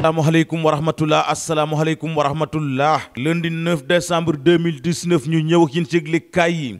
asalaamaaleykum wa rahmatullah asalaamaaleykum wa rahmatullah lundi 9 décembre 2019 ñu ñëw ak yéen ci yëglikaay yi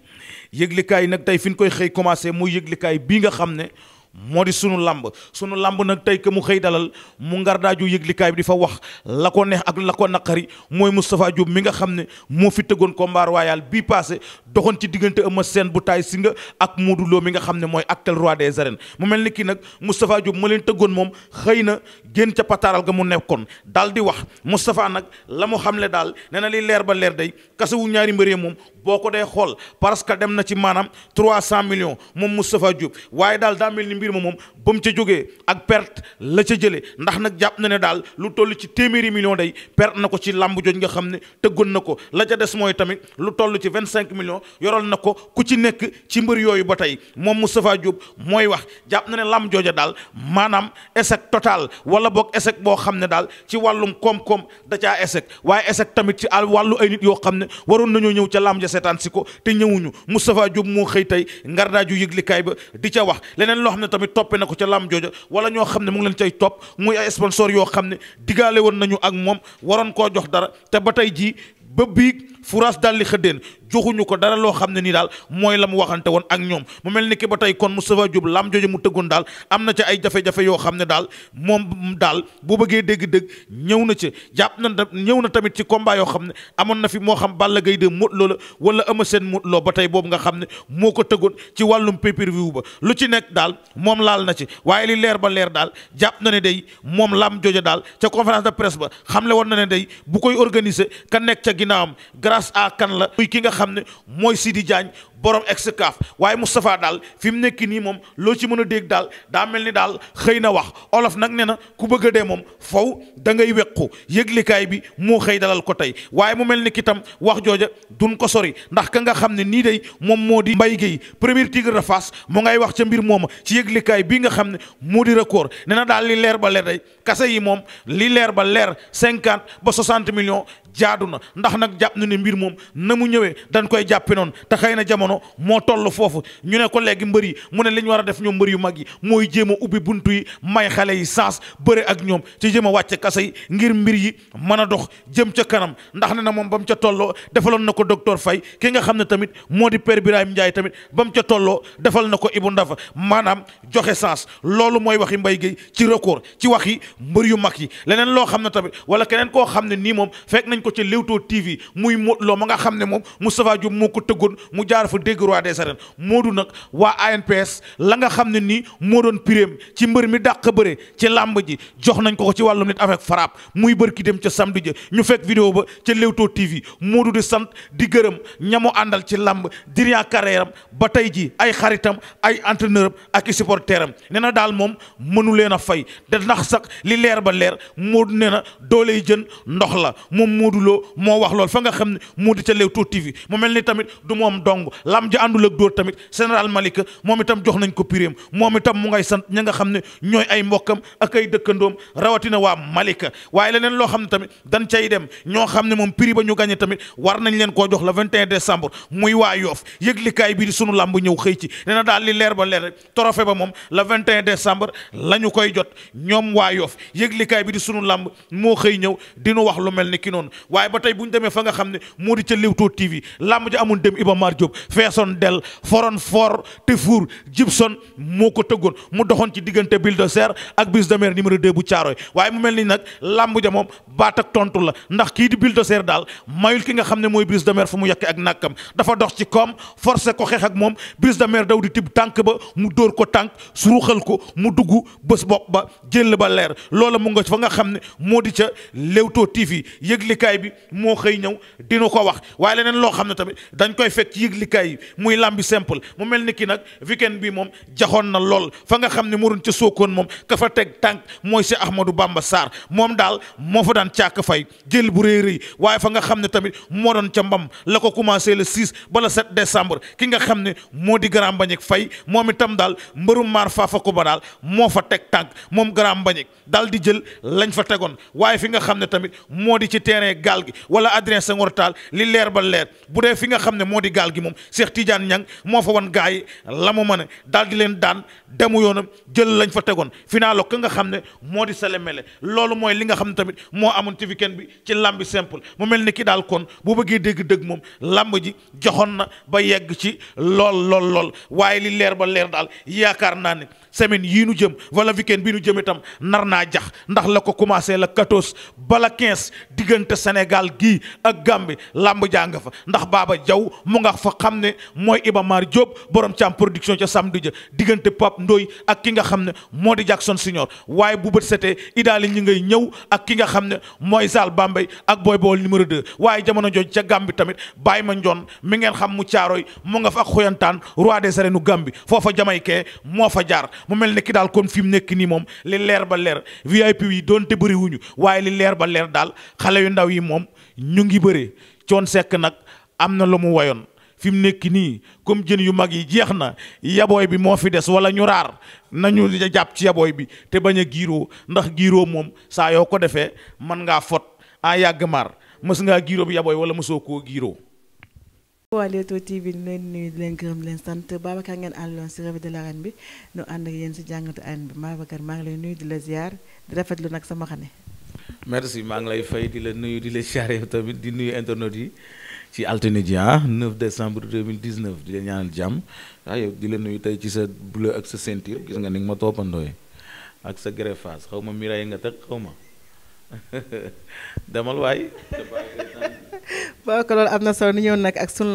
yëglikaay yi nag tey fi ñu koy xëy commencé muy yëglikaay bii nga xam ne moo di sunu làmb sunu lamb nag tey que mu xëy dalal mu ngar daaju yëglikaay bi di fa wax la ko neex ak la ko naqari mooy Moustapha Diop mi nga xam ne moo fi tëggoon combat royal bii passé doxoon ci diggante Eumeu Sène bu taay singa ak Modou mi nga xam ne mooy actuel roi des arènes mu mel ni kii nag Moustapha Diop ma leen tëggoon moom xëy na génn ca pataaral ga mu nekkoon daal di wax Moustapha nag la mu xamle daal nee na li leer ba leer day kasawu ñaari mbëree moom boo ko dee xool parce que dem na ci maanaam trois cent millions moom Moustapha Diop waaye daal daa mel ni mbir ma moom ba ca jógee ak perte la ca jëlee ndax nag jàpp na ne daal lu toll ci téeméeri millions day perte na ko ci làmb jooju nga xam ne tëggoon na ko la ca des mooy tamit lu toll ci vingt cinq millions yoral na ko ku ci nekk ci mbër yooyu ba tey moom Moustapha Diop mooy wax jàpp na ne làmb jooja daal maanaam échec total wala boog échec boo xam ne daal ci wàllum koom da caa échec waaye échec tamit ci wàllu ay yoo xam ne waroon nañoo ñëw ca làmb ja seetaan si ko te ñëwuñu mu Moustapha Diop moo xëy tey ngardaaju yëglikaay ba di ca wax leneen loo xam ne tamit toppe na ko ca lam jooja wala ñoo xam ne mu ngi leen cay topp muy ay sponsor yoo xam ne digaale woon nañu ak moom waroon koo jox dara te ba tey jii ba biig furaas li xëddeen joxuñu ko dara loo xam ne nii daal mooy la mu waxante woon ak ñoom mu mel ni ki ba tey kon Moustapha Diop lam jooju mu tëggoon daal am na ca ay jafe-jafe yoo xam ne daal moom daal boo bëggee dégg-dégg ñëw na ci jàpp na ñëw na tamit ci combat yoo xam ne amoon na fi moo xam Balla Gaye de Modou wala Eumeu Sène Modou Lo ba tey boobu nga xam ne moo ko tëggoon ci wàllum pay-per-view ba lu ci nekk daal moom laal na ci waaye li leer ba leer daal jàpp na ne day moom lam jooju daal ca conférence de presse ba xamle woon na ne day bu koy organiser ka nekk ca ginnaawam grâce à kan la muy ki nga xam ne mooy Sidi Diagne borom Excaf waaye Moustapha daal fi mu nekk nii moom loo ci mën a dégg daal daa mel ni daal xëy na wax olof nag nee na ku bëgg a dee moom foow dangay ngay wequ yëglikaay bi moo xëy dalal ko tey waaye mu mel ni ki tam wax jooja duñ ko sori ndax ka nga xam ne nii day moom moo di mbay Guèye premier tigre de fas mu ngay wax ca mbir mooma ci yëglikaay bii nga xam ne moo di record nee daal li leer ba leer day kase yi moom li leer ba leer cinquante ba soixante millions jaadu na ndax nag jàpp na ne mbir moom na mu ñëwee dañ koy jàppe noonu te xëy na jamono jamono moo toll foofu ñu ne ko léegi mbër yi mu ne li war a def ñoom mbër yu mag yi mooy jéem a ubbi buntu yi may xale yi sens bëre ak ñoom ci jéem a wàcce kasa yi ngir mbir yi mën a dox jëm ca kanam ndax ne na moom ba mu ca tolloo defaloon na ko docteur Faye ki nga xam ne tamit moo di per Birahim Ndiaye tamit ba mu ca tolloo defal na ko Ibou Ndafa maanaam joxe sens loolu mooy waxi mbay Guèye ci record ci wax yi mbër yu mag yi leneen loo xam ne tamit wala keneen koo xam ne nii moom fekk nañ ko ci Leewtoo TV muy dégg roi des arènes Modou nag waa ANPS la nga xam ne nii moo doon piréem ci mbër mi dàq bëre ci làmb ji jox nañ ko ko ci wàllu nit avec frappe muy bër ki dem ca samedi ja ñu fekk vidéo ba ca Leewtoo TV Modou di sant di gërëm ñamu àndal ci làmb diriant carrière ba tey ji ay xaritam ay entraîneur am ak i supporter am nee na daal moom mënu leen a fay da ndax sax li leer ba leer Modou nee na dooley jën ndox la moom Modou Lo moo wax lool fa nga xam ne moo di ca Leewtoo TV mu mel ni tamit du moom dong làmb ja àndul ak dóor tamit général Malika moom itam jox nañ ko pireem moom itam mu ngay sant ña nga xam ne ñooy ay mbokkam ak ay dëkkandoom rawatina waa Malika waaye leneen loo xam ne tamit dañ cay dem ñoo xam ne moom piri ba ñu gagné tamit war nañ leen koo jox le 21 décembre muy waa Yoff yëglikaay bi di sunu làmb ñëw xëy ci nee na daal di leer ba leer rek trophée ba moom le 21 décembre la ñu koy jot ñoom waa Yoff yëglikaay bi di sunu làmb moo xëy ñëw dinu wax lu mel ni ki noonu waaye ba tey bu ñu demee fa nga xam ne moo di ca Leewtoo TV làmb ja amul dem Iba Mar Diop feesoon del foroon for te fuur Gibson moo ko tëggoon mu doxoon ci diggante Bulldozer ak Brise de Mer numéro 2 bu Caaroy waaye mu mel ni nag làmb ja moom baat ak tontu la ndax kii di Bulldozer daal mayul ki nga xam ne mooy Brise de Mer fu mu yàkke ak nàkkam dafa dox ci koom forcé ko xeex ak moom Brise de Mer daw di tib tànk ba mu dóor ko tànk suruxal ko mu dugg bés bopp ba jël ba leer loola mu nga fa nga xam ne moo di ca Leewtoo TV yëglikaay bi moo xëy ñëw liggéey muy lambi simple mu mel ni ki nag weekend bi moom jaxoon na lool fa nga xam ne murun ca sookoon moom ka fa teg tànk mooy si Ahmadou Bamba Sarr moom daal moo fa daan càkk fay jël bu rëy rëy waaye fa nga xam ne tamit moo doon ca mbam la commencé le 6 ba le 7 décembre ki nga xam ne moo di Grand Mbagnick Faye moom itam daal mbërum maar faafa ko ba daal moo fa teg tànk moom Grand Mbagnick daal di jël lañ fa tegoon waaye fi nga xam ne moo di ci terrain gaal gi wala Adrien Senghor Tall li leer ba leer bu dee fi nga xam ne moo di gaal gi moom Cheikh Tidiane Niang moo fa wan gars yi la mu mën a daal di leen daan demu yoonam jël lañ fa tegoon finaalo ka nga xam ne moo di Sélémélé loolu mooy li nga xam ne tamit moo amoon ci weekend bi ci lambi simple mu mel ni kii daal kon bu bëggee dégg dëgg moom lamb ji joxoon na ba yegg ci lool lool lool waaye li leer ba leer daal yaakaar naa ne semaine yii nu jëm wala weekend bii nu jëm itam nar naa jax ndax la ko commencé la 14 bala 15 diggante Sénégal gii ak Gambie làmb jàng fa ndax baaba Jaw mu nga fa xam ne mooy Iba Mar Diop borom càmm production ca samedi ja diggante Pape ndooy ak ki nga xam ne moo di Jackson Senior waaye bu bët setee idaali ñi ngay ñëw ak ki nga xam ne mooy saal Bambey ak booy Bool numéro 2 waaye jamono jooju ca Gambie tamit bàyyi ma njoon mi ngeen xam mu caaroy mu nga fa ak xoyantaan roi des arènes Gambie foofa jamaykee moo fa jaar mu mel ne ki daal kon fi mu nekk nii moom li leer ba leer VIP yi doonte bëriwuñu waaye li leer ba leer daal xale yu ndaw yi moom ñu ngi bëri coon sekk nag am na lu mu wayoon fi mu nekk nii comme jën yu mag yi jeex na yabooy bi moo fi des wala ñu raar nañu jàpp ci yabooy bi te bañ a giiroo ndax giiroo moom saa yoo ko defee mën ngaa fot a yàgg mar mës ngaa giiroo bu yabooy wala mësoo koo giiroo waa Leewtoo TV ñu leen nuyu di leen gërëm di leen sant Babacar ngeen si revue de l'arène bi nu ànd ak yéen si jàngatu arène bi Babacar maa ngi lay nuyu di la ziar maa ngi lay fay di la nuyu di la ziar tamit di nuyu internet yi ci altine ji ah 9 décembre 2019 di la ñaanal jàmm waaye ah, yow di la nuyu tey ci sa bleu ak sa ceinture gis nga ni ma toppandooy ak sa greffage xaw ma miraay nga teg xaw ma demal waay. waaw ko loolu am nga xam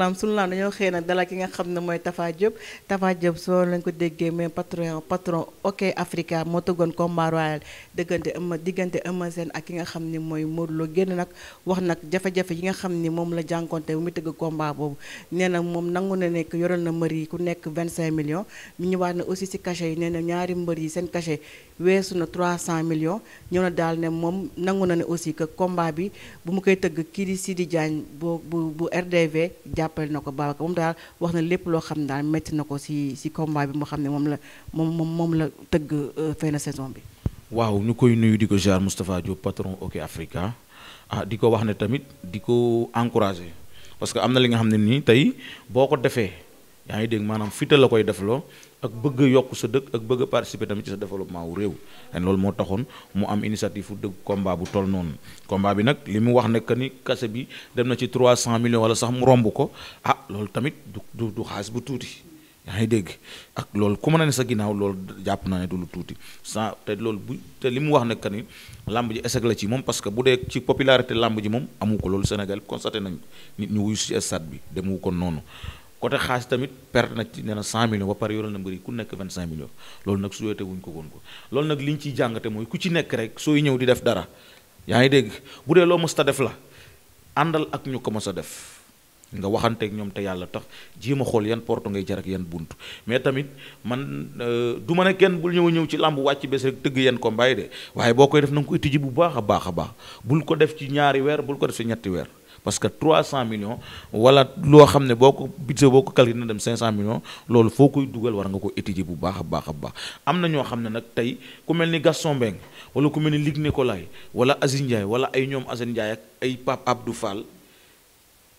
ne mooy Tafa Diop Tafa Diop soo lañ ko déggee mais patron patron OK Africa moo tëggoon combat royal dëggante Eumeu diggante Eumeu Sène ak ki nga xam ne mooy Modou Lo génn wax nag jafe-jafe nga xam ni moom la jànkonte bu mu tëgg combat boobu nee na moom nangu na nekk yoral na mbër yi ku nekk 25 millions ñu ñëwaat na aussi si cachet yi nee na ñaari mbër yi seen cachet weesu na 300 millions ñëw na daal ne moom nangu na ne aussi que combat bi bu mu koy tëgg kii si di Sidi Diagne bu bu bu RDV jàppale na ko Babacar moom daal wax na lépp loo xam ne daal métti na ko si si combat bi moo xam ne moom la moom moom moom la tëgg euh, fin de saison bi. waaw ñu koy nuyu di ko jaar Moustapha Diop patron OK Africa ah di ko wax ne tamit di ko encouragé parce que am na li nga xam ne nii tey boo ko defee yaa ngi dégg maanaam fital la koy def loo ak bëgg yokk sa dëkk ak bëgg a participer tamit ci sa développement wu réew en loolu moo taxoon mu am initiative fu dëgg combat bu toll noonu combat bi nag li mu wax ne que ni kase bi dem na ci 300 millions wala sax mu romb ko ah loolu tamit du du xaalis bu tuuti yaa ngi dégg ak loolu ku mën a ne sa ginnaaw loolu jàpp naa ne du tuuti sans te loolu bu te li mu wax ne que ni làmb ji échec ci moom parce que bu dee ci popularité làmb ji moom amu ko loolu Sénégal constaté nañ nit ñu wuyu si stade bi demu ko noonu côté xaalis tamit perte na ci nee na 100 millions ba pare yoral na mbëri ku nekk 25 millions loolu nag souhaité wuñ ko woon ko loolu nag li ñu ciy jàngate mooy ku ci nekk rek sooy ñëw di def dara yaa ngi dégg bu dee loo mës def la àndal ak ñu ko mës a def nga waxanteeg ñoom te yàlla tax jéem a xool yan porte ngay jar ak yan bunt mais tamit man euh, du ma ne kenn bul ñëw ñëw ci làmb wàcc bés rek tëgg yan combat yi de waaye boo koy def na nga koy tijji bu baax a baax a baax bul ko def ci ñaari weer bul ko def ci ñetti weer parce que cent millions wala loo xam ne boo ko budget boo ko calculé na dem 500 millions loolu foo koy dugal war nga ko étudier bu baax a baax a baax am na ñoo xam ne nag tey ku mel ni Gaston Mbengue wala ku mel ni Luc Nicolaï wala Aziz Ndiaye wala ay ñoom Assane Ndiaye ak ay Pape Abdou Fall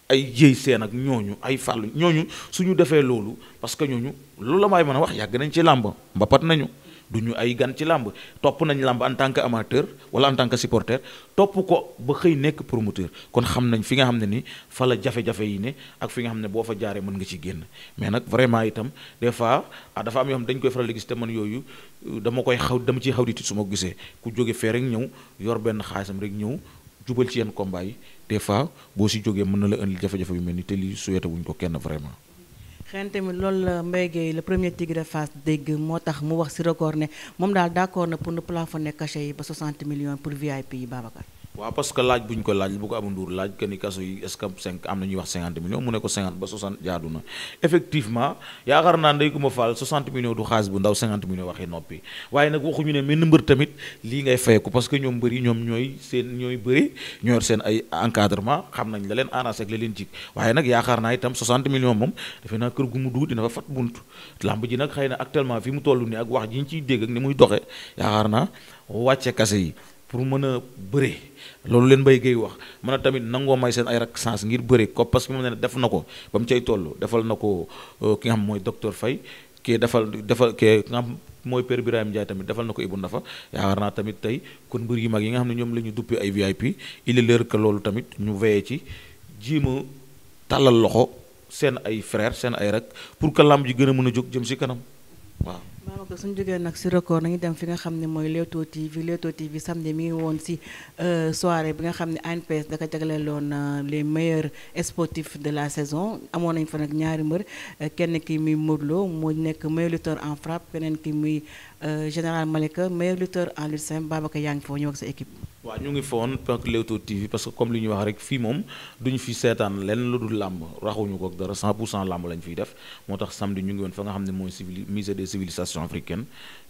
ay jéy seen ak ñooñu ay fàllu ñooñu su ñu defee loolu parce que ñooñu loolu la may mën a wax yàgg nañ ci làmb mbapat nañu du ñu ay gan ci làmb topp nañ làmb en tant que amateur wala en tant que supporter topp ko ba xëy nekk promoteur kon xam nañ fi nga xam ne ni fa la jafe-jafe yi ne ak fi nga xam ne boo fa jaaree mën nga ci génn mais nag vraiment itam des fois ah, dafa am yoo xam dañ koy faral di gis te man yooyu euh, dama koy xaw dama ciy xaw di tiit su ma gisee ku jóge fee rek ñëw yor benn xaalisam rek ñëw jubal ci yenn combat yi des fois boo si jógee mën na la indil jafe-jafe yu mel ni te lii ko kenn vraiment xen tamit loolu la Mbaye Gueye le premier tigre de moo tax mu wax ci record ne moom daal d'accord na pour nu plafonner cachet yi ba 60 millions pour VIP yi Babacar waaw parce que laaj bu ñu ko laaj bu ko Abou Ndour laaj que ni kaso yi est ce que cinq am na ñuy wax cinquante millions mu ne ko cinquante ba soixante jaadu na effectivement yaakaar naa ndey ku ma faal soixante millions du xaalis bu ndaw cinquante millions waxi noppi waaye nag waxuñu ne mën mbër tamit lii ngay fayeku parce que ñoom mbëri ñoom ñooy seen ñooy bëri ñooy seen ay encadrement xam nañ la leen arrangé ak la leen jik waaye nag yaakaar naa itam soixante millions moom defe naa kër gu mu duut dina fa fat bunt làmb ji nag xëy mu toll ni ak wax ji ñu ciy dégg ak muy doxe yaakaar naa wàcce kase yi pour mën a bëre loolu leen bay Guèye wax mën a tamit nangoo may seen ay rak sens ngir bëre ko parce que moom ne def na ko ba mu cay toll defal na ko euh, ki nga xam mooy docteur Faye kii defal defal kii nga mooy père Birahim Ndiaye tamit defal na ko Ibou Ndafa yaakaar naa tamit tey kon mbër yi mag yi nga xam ne ñoom la ñu duppee ay VIP il est l'heure loolu tamit ñu veillé ci jiima tàllal loxo seen ay frère seen ay rak pour que lamb ji gën a mën a jóg jëm si kanam waaw maama ko suñu jógee nag si record nañu dem fi nga xam ne mooy Leewtoo TV Leewtoo TV samedi mi ngi woon si euh, soirée bi nga xam ne ANPS daka ko jagleeloon euh, les meilleurs sportifs de la saison amoon nañ fa nag ñaari mbër euh, kenn ki muy Modou Lo moo nekk meilleur lutteur en frappe keneen ki muy général Malika meilleur lutteur en lutte simple Babacar yaa ngi foofu ñëw sa équipe. waaw ñu ngi foon ak Leewtoo TV parce que comme li ñu wax rek fii moom ñu fi seetaan lenn lu dul làmb raxuñu ko ak dara 100 pour cent làmb lañ fiy def moo tax samedi ñu ngi woon fa nga xam ne mooy civil musée des civilisations africaines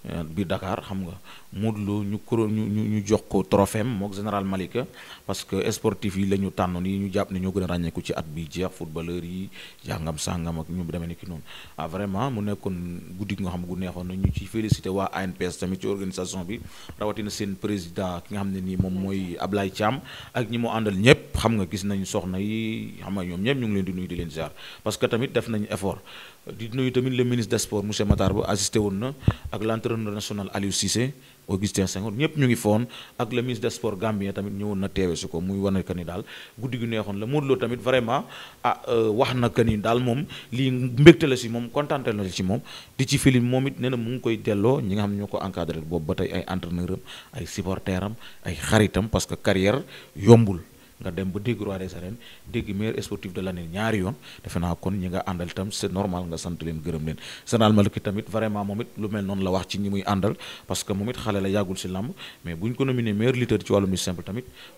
Euh, biir dakaar xam nga Modou Lo ñu koro ñu ñu jox ko trophée mook général Malika parce que sportif yi la ñu tànnoon yi ñu jàpp ne ñoo gën a ràññeeku ci at bi jeex footballeur yi jàngam sàngam ak ñu demee ni ki noonu ah vraiment mu nekkoon guddi nga xam gu neexoon na ñu ci félicité waa ANPS tamit ci organisation bi rawatina seen président ki nga xam ne nii moom mooy Ablaye Thiam ak ñi mu àndal ñëpp xam nga gis nañu soxna yi xam nga ñoom ñëpp ñu ngi leen di nuyu di leen ziar parce que tamit def nañu effort di nuyu tamit le ministre des sports monsieur Matar Ba assisté woon na ak l' entraîneur national Aliou Cissé Augustin Senghor ñëpp ñu ngi foon ak le ministre des sports Gambien tamit ñëwoon na teewe si ko muy wane que ni daal guddi gu neexoon la Modou Lo tamit vraiment ah euh, wax na que ni daal moom lii mbégte la si moom kontaante la si moom di ci film moom it nee na mu ngi koy delloo ñi nga xam ñoo ko encadré boobu ba tey ay entraîneur am ay supporter am ay xaritam parce que carrière yombul. nga dem ba dégg roi des arènes dégg meilleur sportif de l'année ñaari yoon defe naa kon ñi nga àndal itam c'est normal nga sant leen gërëm leen général Malick tamit vraiment moom it lu mel noonu la wax ci ñi muy àndal parce que moom it xale la yàggul si làmb mais bu ñu ko nominé meilleur lutteur ci wàllu mi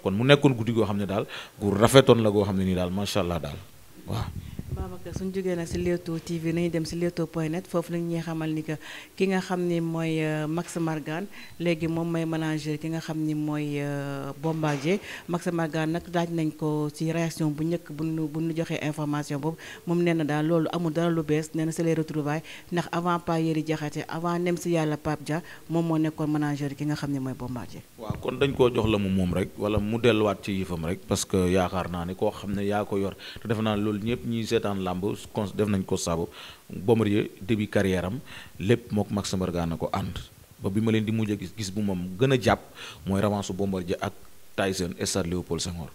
kon mu nekkoon guddi goo xam ne daal gu rafetoon la goo xam ne nii daal macha allah daal waaw Babacar suñu jógee nag si Leewtoo TV nañu dem si Leewtoo point net foofu la ñuy xamal ni ki nga xam ni mooy euh, Max Margan léegi moom mooy manager ki nga xam ni mooy euh, Bombardier Max Margan nag laaj nañ ko ci réaction bu njëkk bu nu bu nu joxee information boobu moom nee na daal loolu amul dara lu bees nee na c'est les retrouvailles ndax avant Pa Yéri Jaxate avant nem si yàlla Pape Dia moom moo nekkoon manager ki nga xam ni mooy Bombardier. waaw kon dañ koo jox la mu moom rek wala mu delluwaat ci yëfam rek parce que yaakaar naa ne koo xam ne yaa ko yor seetaan làmb con def nañ ko saabu Bombardier début carrière am lépp mook mag Mbargane na ko ànd ba bi ma leen di mujj a gis gis bu moom gën a jàpp mooy bombar Bombardier ak Tyson stade Léopold Senghor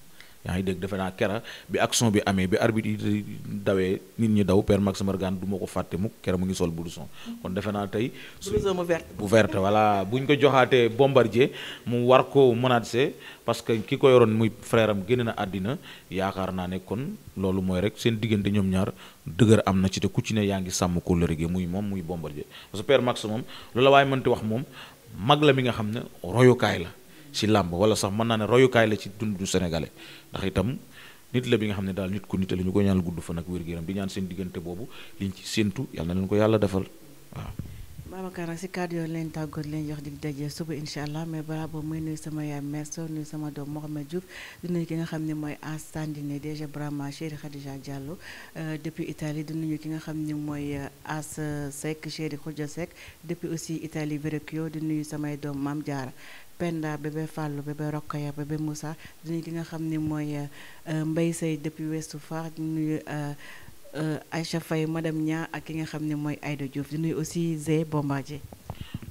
yaa ngi dégg defe naa kera bi action bi amee bi arbitre yi dawee nit ñi daw père Max Margan du ma ko fàtte mukk kera mu ngi sol blouson kon defe naa tey. blouson bu verte bu verte voilà bu ñu ko joxaatee bombardier mu war ko menacé parce que ki ko yoroon muy frère am génne na àddina yaakaar naa ne kon loolu mooy rek seen diggante ñoom ñaar dëgër am na ci te ku ci ne yaa ngi sàmm ko lërige muy moom muy bombardier parce que père Max moom loola waaye manti wax moom mag la mi nga xam ne royukaay la. ci làmb wala sax mën naa ne royukaay la ci dundu sénégalais ndax itam nit la bi nga xam ne daal nit ku nit la ñu ko ñaanal gudd fan ak wér-gu-yaram di ñaan seen diggante boobu liñ ci séentu yàlla na leen ko yàlla defal waaw Babacar si kàddu yoon leen tàggoot leen jox dig daje suba incha allah mais balaa boobu muy nuyu sama yaay Merso nuyu sama doom Mohamed Diouf di nuyu ki nga xam ne mooy Asandine déjà Brahma chéri Khadija Diallo euh, depuis Italie di nuyu ki nga xam ne mooy euh, As Seck chéri Khoudia Seck depuis aussi Italie Verrecchio di nuyu samay doom Mam Diarra Penda bébé Fallou bébé Rokhaya bébé Moussa di nuyu ki nga xam ni mooy euh, mbay Seye depuis Ouest Foire di nuyu. Euh, Aïcha ma dem ñaar ak ki nga xam ne mooy Aïda Diouf di nuyu aussi Zé Bombardier.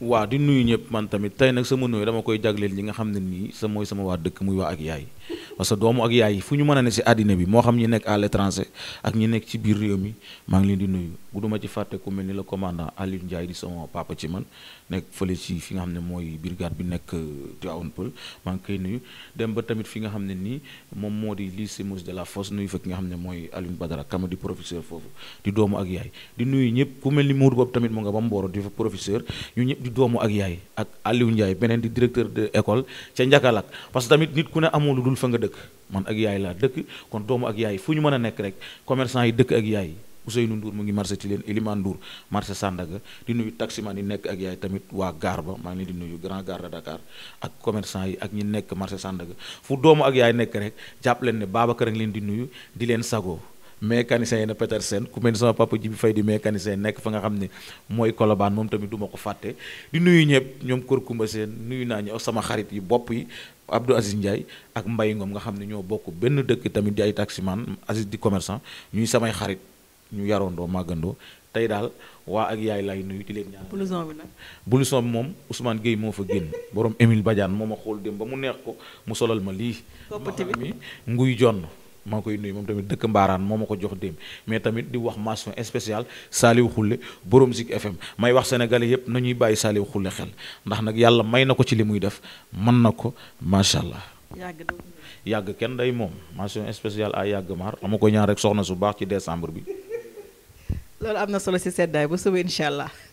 waa di nuyu ñëpp man tamit tey nag sama nuyu dama koy jagleel ñi nga xam ne nii sa mooy sama waa dëkk muy wax ak yaay parce que doomu ak yaay fu ñu mën a ne si àddina bi moo xam ñi nekk à l'étranger ak ñi nekk ci biir réew mi maa ngi leen di nuyu. bu duma ci fàtte ku mel ni la commandant Aliou Ndiaye di sama papa ci man nekk fële ci fi nga xam ne mooy brigade bi nekk euh, Tivaouane Peul maa ngi koy nuyu dem ba tamit fi nga xam ne nii moom moo di lycée Mousse de la Fosse nuyu fa ki nga xam ne mooy Alioune Badara Kama di professeur foofu di doomu ak yaay di nuyu ñëpp ku mel ni Modou boobu tamit mu nga ba Mboro di fa professeur ñu ñëpp di doomu ak yaay ak Aliou Ndiaye beneen di directeur de école ca Njakalak parce que tamit nit ku ne lu dul fa nga dëkk man ak yaay laa dëkk kon doomu ak yaay fu ñu mën a nekk rek commerçant yi dëkk ak yaay Ousseynou Ndour mu ngi marché ci leen Elimane Ndour marché Sandaga di nuyu taximan yi nekk ak yaay tamit waa gaar ba maa ngi leen di nuyu grand gare de Dakar ak commerçant yi ak ñi nekk marché Sandaga fu doomu ak yaay nekk rek jàpp leen ne Babacar a leen di nuyu di leen sago mécanicien yi na Petersen ku mel ni sama papa ji fay di mécanicien nekk fa nga xam ne mooy Colobane moom tamit duma ko fàtte di nuyu ñëpp ñoom Kër Kumba Seen nuyu naa ñëw sama xarit yi bopp yi Abdou Aziz Ndiaye ak Mbaye Ngom nga xam ne ñoo bokk benn dëkk tamit ay taximan Aziz di commerçant ñuy samay xarit ñu yaroondoo màggandoo tey daal waa ak yaay lay nuyu di leen ñaan. blouson bi nag blouson bi moom Ousmane Gueye moo fa génn borom Émile Badiane moo ma xool dem ba mu neex ko mu solal ma lii. coppite nguy jonn maa koy nuyu moom tamit dëkk Mbaaraan moo ma ko jox dem mais tamit di wax mention spéciale Saliou Khoule borom Zik FM may wax sénégalais yépp na ñuy bàyyi Saliou Khoule xel ndax nag yàlla may na ko ci li muy def man na ko macha allah. yàgg kenn day moom mention spéciale ay yàgg maar dama ko ñaan rek soxna su baax ci décembre bi. loolu am na solo si seddaay ba suba incha allah.